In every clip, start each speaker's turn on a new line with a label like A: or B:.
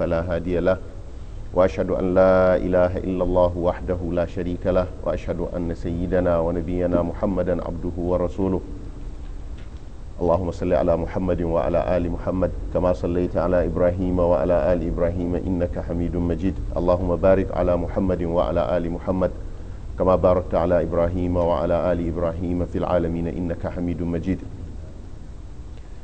A: فلا هادي له واشهد ان لا اله الا الله وحده لا شريك له واشهد ان سيدنا ونبينا محمدا عبده ورسوله اللهم صل على محمد وعلى ال محمد كما صليت على ابراهيم وعلى ال ابراهيم انك حميد مجيد اللهم بارك على محمد وعلى ال محمد كما باركت على ابراهيم وعلى ال ابراهيم في العالمين انك حميد مجيد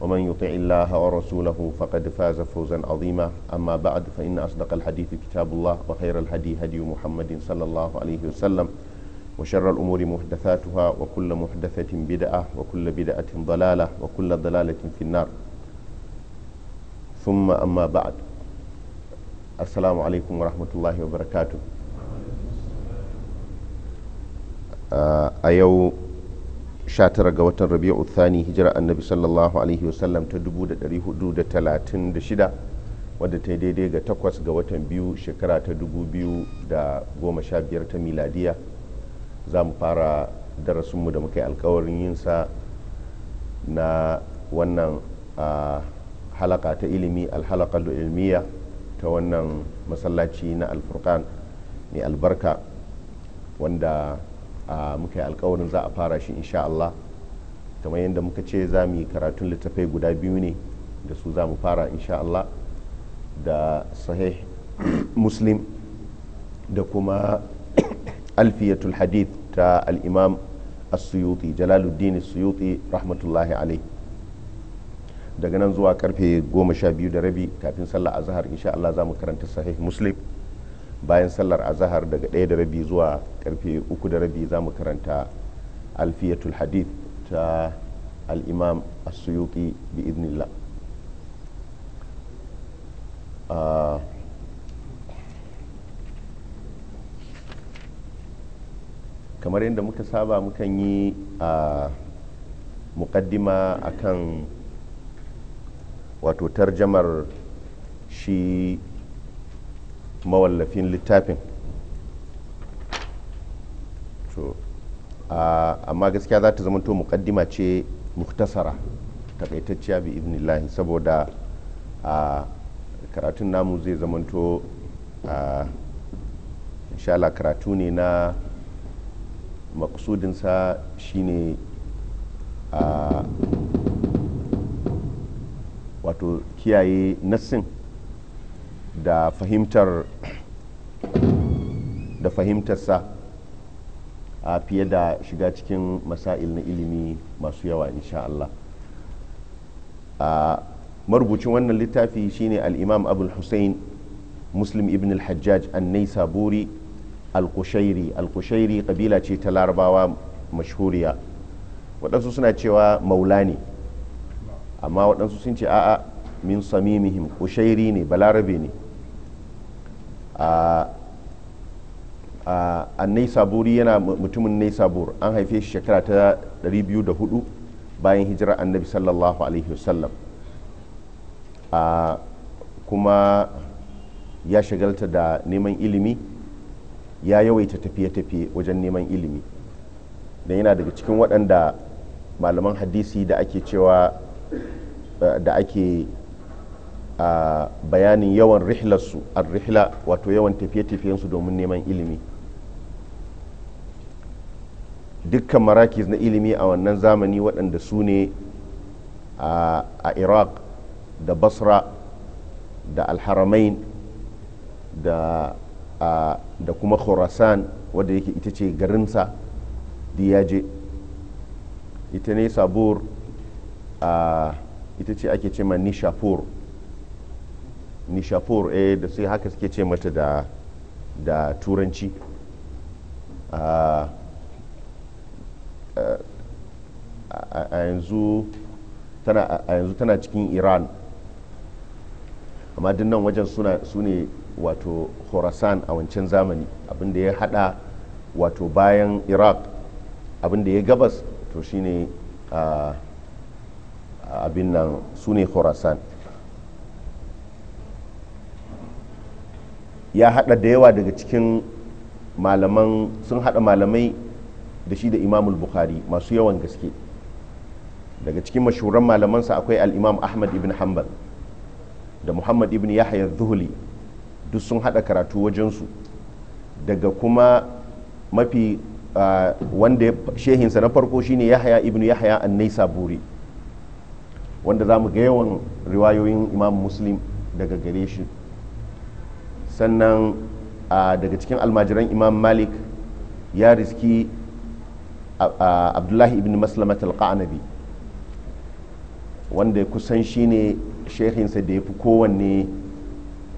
A: ومن يطع الله ورسوله فقد فاز فوزا عظيما أما بعد فإن أصدق الحديث كتاب الله وخير الهدي هدي محمد صلى الله عليه وسلم وشر الأمور محدثاتها وكل محدثة بدعة وكل بدعة ضلالة وكل ضلالة في النار ثم أما بعد السلام عليكم ورحمة الله وبركاته آه أيو 19 ga watan rabi'u thani hijira annabi sallallahu alaihi wasallam ta 436 wadda ta yi daidai ga 8 ga watan biyu shekara ta 2015 ta miladiya za mu fara darasinmu da muka yi alkawarin yinsa na wannan halaka ta ilimi alhalakar ilmiya ta wannan masallaci na alfurkan mai albarka wanda muka yi alkawarin za a fara shi insha Allah kamar yadda muka ce za mu yi karatun littafai guda biyu ne da su za mu fara insha Allah da sahih muslim da kuma alfiyatul hadith ta al'imam as-suyuti jalaluddin as-suyuti rahmatullahi alai daga nan zuwa karfe goma sha biyu da rabi kafin sallah azhar insha Allah za mu karanta sahih muslim bayan sallar azahar daga ɗaya da rabi zuwa ƙarfe uku da rabi za mu karanta alfiyatul hadith ta al'imam asuyuki bi iznillah ah, kamar yadda muka saba mukan yi a ah, mukaddima akan wato tarjamar shi mawallafin littafin amma gaskiya za ta zama to mukaddima ce muktasara takaitacciya bi Lahi saboda karatun namu zai zama to inshallah karatu ne na maksudinsa shine wato kiyaye nassin da fahimtar da fahimtarsa a fiye da shiga cikin masail na ilimi masu yawa insha Allah a marubucin wannan littafi shine al-imam abul hussein muslim ibn al-hajjaj an-naisaburi al-kushairi al-kushairi kabila ce ta larabawa mashhuriya waɗansu suna cewa maulani amma waɗansu sun ce a'a min samimihim kushairi ne balarabe ne a naisaburi yana mutumin naisabur an haife shi shekara ta 204 bayan hijirar annabi sallallahu alaihi wasallam kuma ya shagalta da neman ilimi ya yawaita tafiye-tafiye wajen neman ilimi da yana daga cikin waɗanda malaman hadisi da ake cewa eh, da ake a bayanin yawan rihlarsu ar-rihla wato yawan tafiye-tafiyensu domin neman ilimi dukkan marakis na ilimi a wannan zamani waɗanda su ne a iraq da basra da alharamain da da kuma khorasan wadda yake ita ce garinsa da ya je ita ne sabur ita ce ake ce ma nishapur nishapur eh da sai haka suke ce mata da da turanci ah, ah, a yanzu tana a yanzu tana cikin iran amma nan wajen suna su ne wato khorasan a wancan zamani abinda ya hada wato bayan iraq abinda ya gabas to shine ah, abin nan su ne khorasan ya hada da yawa daga cikin malaman sun hada malamai da shi da imamul bukhari masu yawan gaske daga cikin mashuran malamansa akwai al'imam ahmad ibn hanbal da muhammad ibn yahya zuhuli duk sun hada karatu wajensu daga kuma mafi wanda shehinsa na farko shine yahya ibn yahya annaisa buri wanda za mu ga yawan riwayoyin imam muslim daga gare shi sannan daga cikin almajiran imam malik ya riski abdullahi ibn maslamat al-qanabi wanda kusan shi shine shehinsa da ya fi kowanne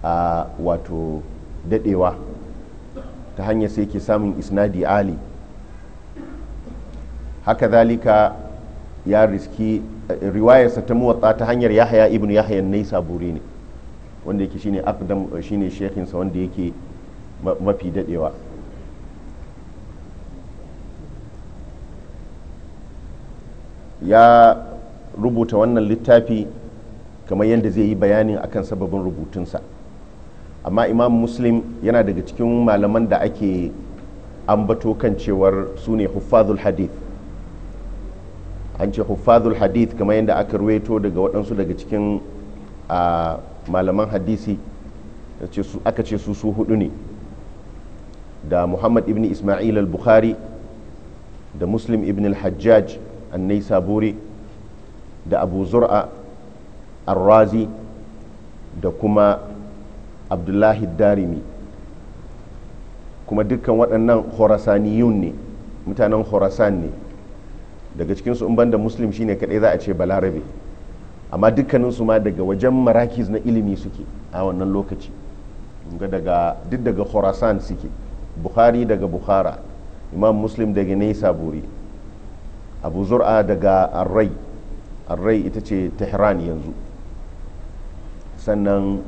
A: a wato dadewa ta hanyar sai ke samun isnadi ali haka zalika ya riski riwayarsa ta muwatsa ta hanyar yahaya ibn yahaya nai saburi ne wanda yake shine akdam eh, shine sheikhin sa wanda yake mafi dadewa ya rubuta wannan littafi kamar yadda zai yi bayanin akan sababin rubutunsa amma imam muslim yana daga cikin malaman da ake ambato kan cewar sune ne huffazul hadith an ce huffazul hadith kamar yadda aka ruweto daga waɗansu daga cikin a malaman hadisi aka ce su su hudu ne da muhammad ibn ismail al-bukhari da muslim ibn al-hajjaj annai saburi da abu zur'a al-razi da kuma abdullahi darimi kuma dukkan waɗannan khorasaniyun ne mutanen khorasan ne daga cikinsu in banda muslim shine kaɗai za a ce balarabe amma dukkaninsu ma daga wajen marakis na ilimi suke a wannan lokaci duk daga khorasan suke bukhari daga buhara imam muslim daga nesa buri abu zur'a daga arrai arrai ita ce tehran yanzu sannan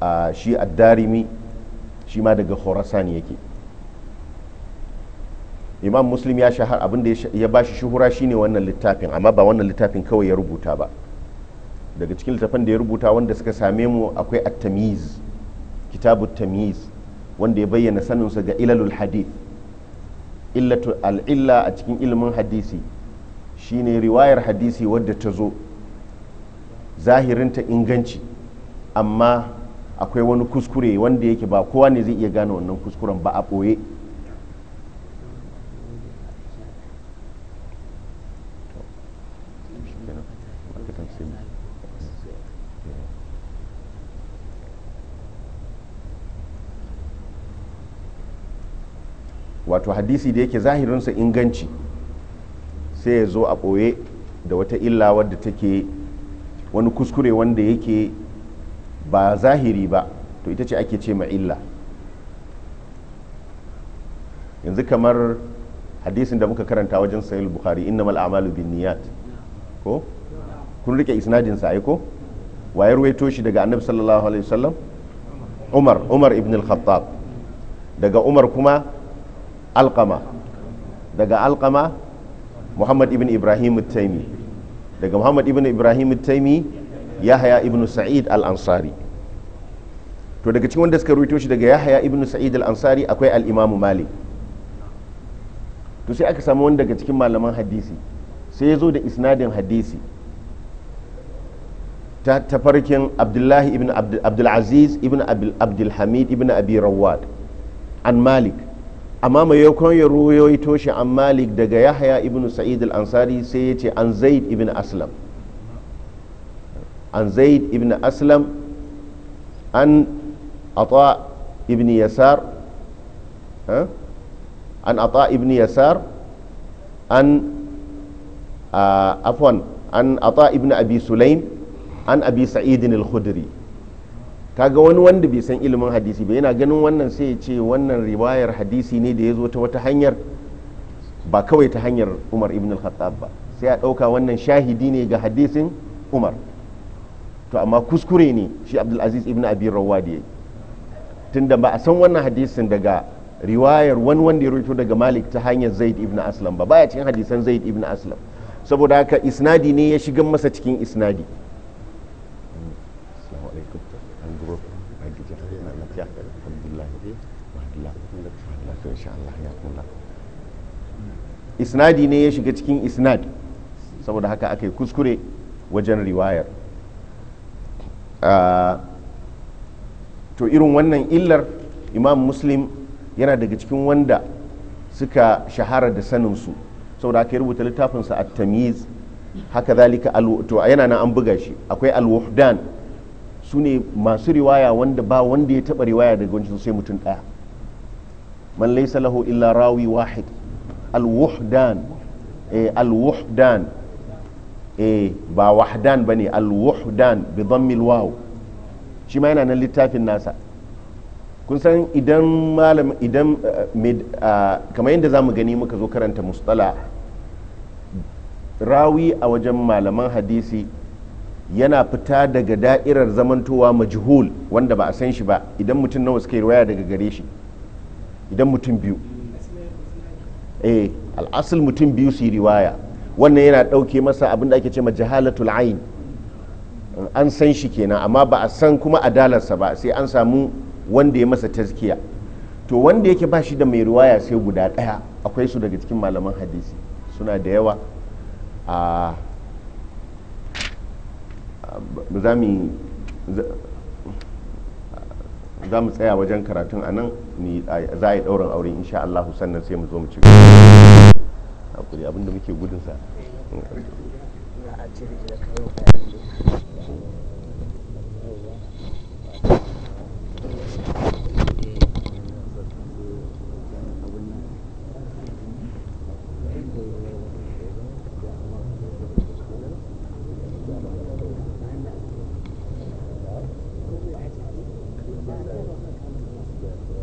A: a shi addarimi shi ma daga khorasan yake imam muslim ya shahar abin da ya bashi shuhura shine wannan littafin amma ba wannan littafin kawai ya rubuta ba daga cikin littafin da ya rubuta wanda suka same mu akwai at tamiz kitabu tamiz wanda ya bayyana saninsa ga ilalul hadith illatu al-illa a cikin ilimin hadisi shine riwayar hadisi wadda ta zo zahirinta inganci amma akwai wani kuskure wanda yake ba kowa ne zai iya gane wannan kuskuren ba a ɓoye wato hadisi da yake zahirinsa inganci sai ya zo a ɓoye da wata illa wadda take wani kuskure wanda yake ba zahiri ba to ita ce ake ce ma illa yanzu kamar hadisin da muka karanta wajen sayil bukhari inna mal'amalu bin niyat ko kun rike isnadin sa ko wayar waito shi daga annabi sallallahu alaihi wasallam umar umar ibn al-khattab daga umar kuma alkama daga alkama muhammad ibn ibrahim taimi daga muhammad ibn ibrahim taimi yahaya ibn sa'id al-ansari to daga cikin wanda suka rubuto shi daga yahaya ibn sa'id al-ansari akwai al-imam malik to sai aka samu wani daga cikin malaman hadisi sai ya zo da isnadin hadisi ta tafarkin abdullahi ibn abdulaziz ibn abdulhamid ibn abi rawad an malik amma mai yakon ya yi toshe an malik daga yahya ibn sa'id al-ansari sai ya ce an zaid ibn aslam an zaid ibn aslam an ata ibn yasar an ata ibn yasar an afwan an ata ibn abi sulaim an abi sa'idin al-khudri kaga wani wanda bai san ilimin hadisi ba yana ganin wannan sai ya ce wannan riwayar hadisi ne da ya zo ta wata hanyar ba kawai ta hanyar umar ibn al-khattab ba sai a ɗauka wannan shahidi ne ga hadisin umar to amma kuskure ne shi abdulaziz ibn abi rawadi tunda ba a san wannan hadisin daga riwayar wani wanda ya rubuto daga malik ta hanyar zaid ibn aslam ba baya cikin hadisan zaid ibn aslam saboda haka isnadi ne ya shiga masa cikin isnadi insha Allah ya kula isnadi ne ya shiga cikin isnad saboda haka aka yi kuskure wajen riwayar ah, to irin wannan illar imam muslim yana daga cikin wanda suka shahara da saninsu saboda aka yi rubuta littafinsa a tamiz haka zalika to yana nan an buga shi akwai alwuhdan su ne masu riwaya wanda ba wanda ya taba riwaya daga wancan sai mutum daya. man laysa lahu illa rawi wahid al-wuhdan eh eh ba wahdan bane al-wuhdan bi dhammi shi ma yana nan littafin nasa kun san idan malam idan eh, ah, kamar zamu gani muka zo karanta mustala rawi a wajen malaman hadisi yana fita daga da'irar zamantowa majhul wanda ba a san shi ba idan mutum nawa suka yi waya daga gare shi idan mutum biyu eh al'asul mutum biyu su yi riwaya wannan yana ɗauke masa abin da ake ce ma jahalatul ain an san shi kenan amma ba a san kuma adalarsa ba sai an samu wanda ya masa taskiya to wanda yake ba shi da mai riwaya sai guda ɗaya akwai su daga cikin malaman hadisi suna da yawa a za mu tsaya wajen karatun a nan za a yi ɗaurin in insha Allah sannan sai mu zo mu ci gaba abinda muke gudunsa